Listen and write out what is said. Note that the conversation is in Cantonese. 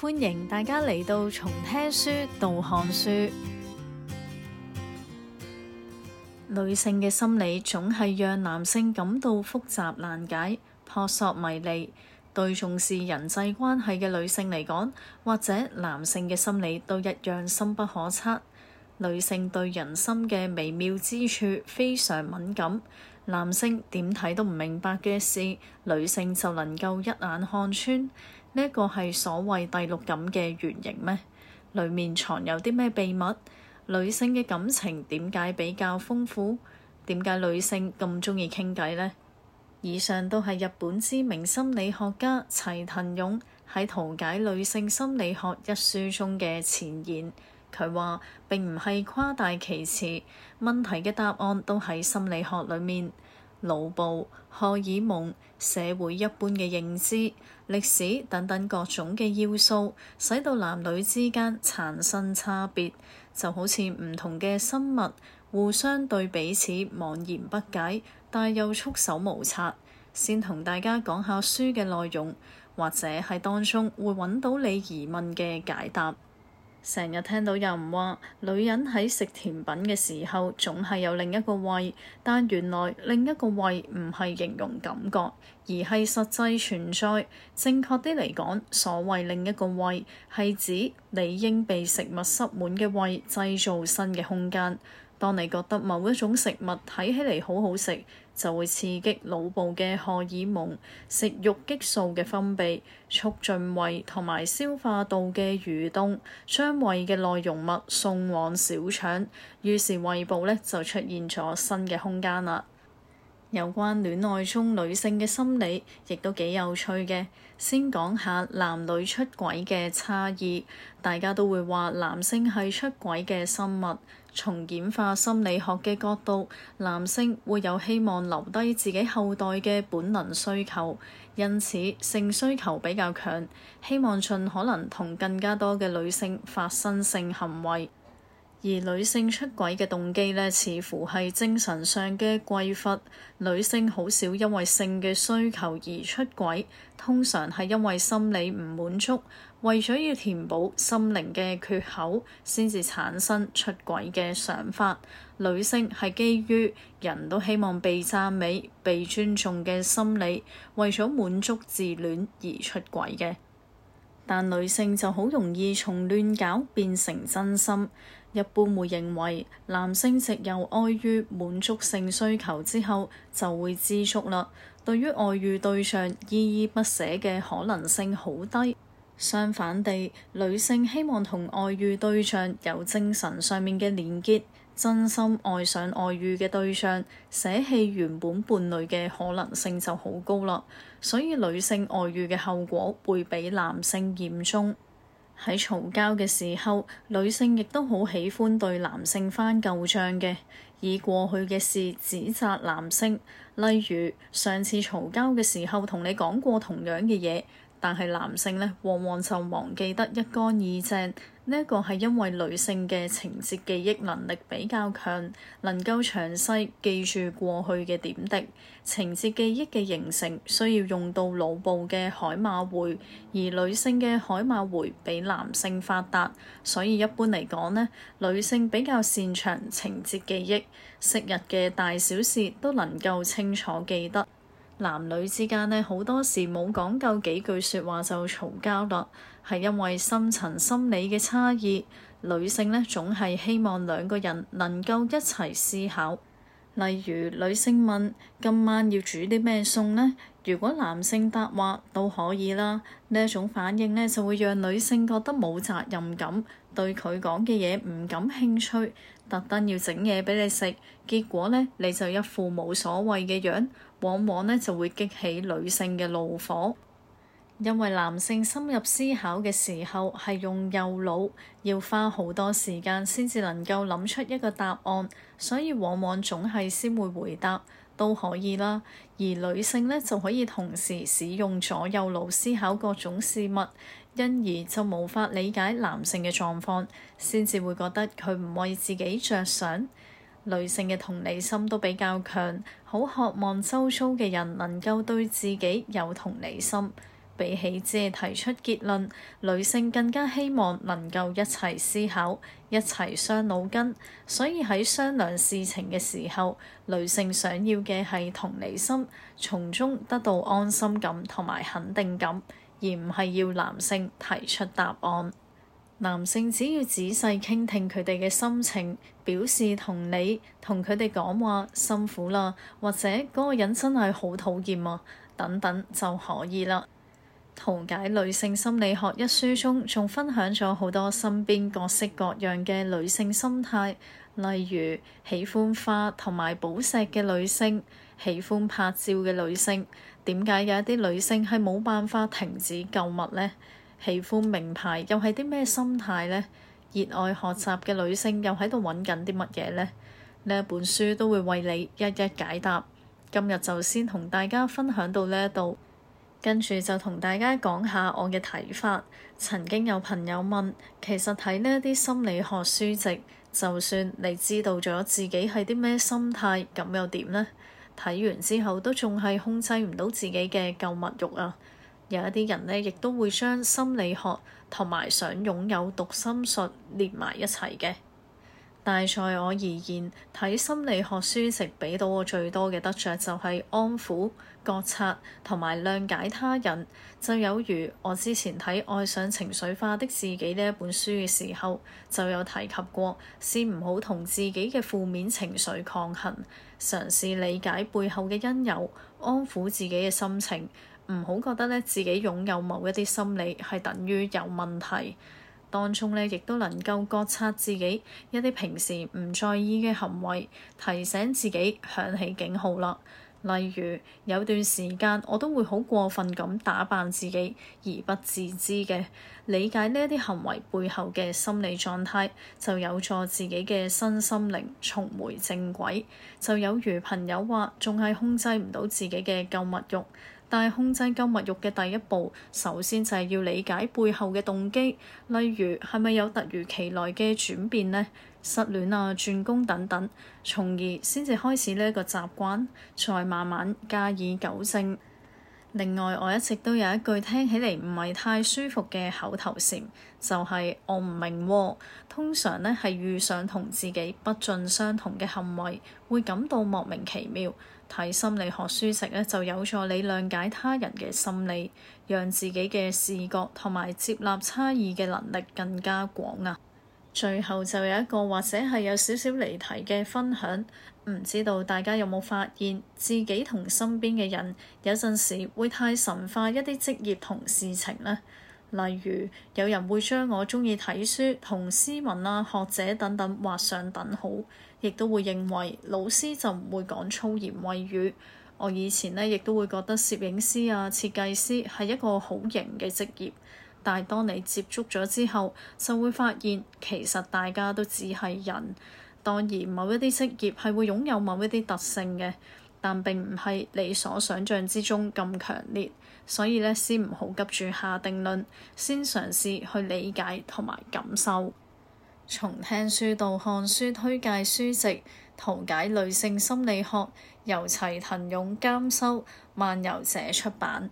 歡迎大家嚟到從聽書到看書。女性嘅心理總係讓男性感到複雜難解，撲朔迷離。對重視人際關係嘅女性嚟講，或者男性嘅心理都一樣深不可測。女性對人心嘅微妙之處非常敏感，男性點睇都唔明白嘅事，女性就能夠一眼看穿。呢一個係所謂第六感嘅原型咩？裡面藏有啲咩秘密？女性嘅感情點解比較豐富？點解女性咁鍾意傾偈呢？以上都係日本知名心理學家齊藤勇喺《圖解女性心理學》一書中嘅前言。佢話並唔係誇大其詞，問題嘅答案都喺心理學裏面。腦部、荷爾蒙、社會一般嘅認知、歷史等等各種嘅要素，使到男女之間產生差別，就好似唔同嘅生物，互相對彼此茫然不解，但又束手無策。先同大家講下書嘅內容，或者喺當中會揾到你疑問嘅解答。成日聽到有人話，女人喺食甜品嘅時候，總係有另一個胃。但原來另一個胃唔係形容感覺，而係實際存在。正確啲嚟講，所謂另一個胃，係指理應被食物塞滿嘅胃，製造新嘅空間。當你覺得某一種食物睇起嚟好好食，就會刺激腦部嘅荷爾蒙、食慾激素嘅分泌，促進胃同埋消化道嘅蠕動，將胃嘅內容物送往小腸，於是胃部呢就出現咗新嘅空間啦。有關戀愛中女性嘅心理，亦都幾有趣嘅。先講下男女出軌嘅差異，大家都會話男性係出軌嘅生物。從演化心理學嘅角度，男性會有希望留低自己後代嘅本能需求，因此性需求比較強，希望盡可能同更加多嘅女性發生性行為。而女性出軌嘅動機呢，似乎係精神上嘅匱乏。女性好少因為性嘅需求而出軌，通常係因為心理唔滿足，為咗要填補心靈嘅缺口，先至產生出軌嘅想法。女性係基於人都希望被讚美、被尊重嘅心理，為咗滿足自戀而出軌嘅。但女性就好容易從亂搞變成真心，一般會認為男性直由愛於滿足性需求之後就會知足啦，對於外遇對象依依不捨嘅可能性好低。相反地，女性希望同外遇對象有精神上面嘅連結。真心愛上外遇嘅對象，捨棄原本伴侶嘅可能性就好高啦。所以女性外遇嘅後果會比男性嚴重。喺嘈交嘅時候，女性亦都好喜歡對男性翻舊帳嘅，以過去嘅事指責男性。例如上次嘈交嘅時候同你講過同樣嘅嘢，但係男性呢往往就忘記得一乾二淨。呢一個係因為女性嘅情節記憶能力比較強，能夠詳細記住過去嘅點滴。情節記憶嘅形成需要用到腦部嘅海馬回，而女性嘅海馬回比男性發達，所以一般嚟講呢，女性比較擅長情節記憶，昔日嘅大小事都能夠清楚記得。男女之間呢，好多時冇講夠幾句説話就嘈交啦。係因為深層心理嘅差異，女性呢總係希望兩個人能夠一齊思考。例如女性問今晚要煮啲咩餸呢？如果男性答，話都可以啦，呢一種反應呢，就會讓女性覺得冇責任感，對佢講嘅嘢唔感興趣，特登要整嘢俾你食，結果呢，你就一副冇所謂嘅樣，往往呢就會激起女性嘅怒火。因為男性深入思考嘅時候係用右腦，要花好多時間先至能夠諗出一個答案，所以往往總係先會回答都可以啦。而女性呢，就可以同時使用左右腦思考各種事物，因而就無法理解男性嘅狀況，先至會覺得佢唔為自己着想。女性嘅同理心都比較強，好渴望周遭嘅人能夠對自己有同理心。比起只係提出結論，女性更加希望能夠一齊思考，一齊傷腦筋。所以喺商量事情嘅時候，女性想要嘅係同理心，從中得到安心感同埋肯定感，而唔係要男性提出答案。男性只要仔細傾聽佢哋嘅心情，表示同理，同佢哋講，話辛苦啦，或者嗰個人真係好討厭啊，等等就可以啦。《圖解女性心理學》一書中，仲分享咗好多身邊各式各樣嘅女性心態，例如喜歡花同埋寶石嘅女性，喜歡拍照嘅女性，點解有一啲女性係冇辦法停止購物呢？喜歡名牌又係啲咩心態呢？熱愛學習嘅女性又喺度揾緊啲乜嘢呢？呢一本書都會為你一一解答。今日就先同大家分享到呢一度。跟住就同大家講下我嘅睇法。曾經有朋友問，其實睇呢啲心理學書籍，就算你知道咗自己係啲咩心態，咁又點呢？睇完之後都仲係控制唔到自己嘅購物欲啊！有一啲人呢，亦都會將心理學同埋想擁有讀心術連埋一齊嘅。但在我而言，睇心理學書籍俾到我最多嘅得着就係安撫覺察同埋諒解他人。就有如我之前睇《愛上情緒化的自己》呢一本書嘅時候，就有提及過是唔好同自己嘅負面情緒抗衡，嘗試理解背後嘅因由，安撫自己嘅心情，唔好覺得咧自己擁有某一啲心理係等於有問題。當中呢，亦都能夠覺察自己一啲平時唔在意嘅行為，提醒自己響起警號啦。例如有段時間，我都會好過分咁打扮自己而不自知嘅，理解呢一啲行為背後嘅心理狀態，就有助自己嘅身心靈重回正軌。就有如朋友話，仲係控制唔到自己嘅購物欲。但係控制購物欲嘅第一步，首先就係要理解背後嘅動機，例如係咪有突如其來嘅轉變呢？失戀啊、轉工等等，從而先至開始呢一個習慣，再慢慢加以糾正。另外，我一直都有一句聽起嚟唔係太舒服嘅口頭禪，就係、是、我唔明喎、哦。通常呢係遇上同自己不盡相同嘅行為，會感到莫名其妙。睇心理學書籍呢就有助你諒解他人嘅心理，讓自己嘅視覺同埋接納差異嘅能力更加廣啊！最後就有一個或者係有少少離題嘅分享，唔知道大家有冇發現自己同身邊嘅人有陣時會太神化一啲職業同事情呢？例如有人會將我鍾意睇書同斯文啊、學者等等劃上等號，亦都會認為老師就唔會講粗言穢語。我以前呢，亦都會覺得攝影師啊、設計師係一個好型嘅職業。但係當你接觸咗之後，就會發現其實大家都只係人。當然某一啲職業係會擁有某一啲特性嘅，但並唔係你所想像之中咁強烈。所以呢，先唔好急住下定論，先嘗試去理解同埋感受。從聽書到看書推介書籍，圖解女性心理學，由齊藤勇監修，漫遊者出版。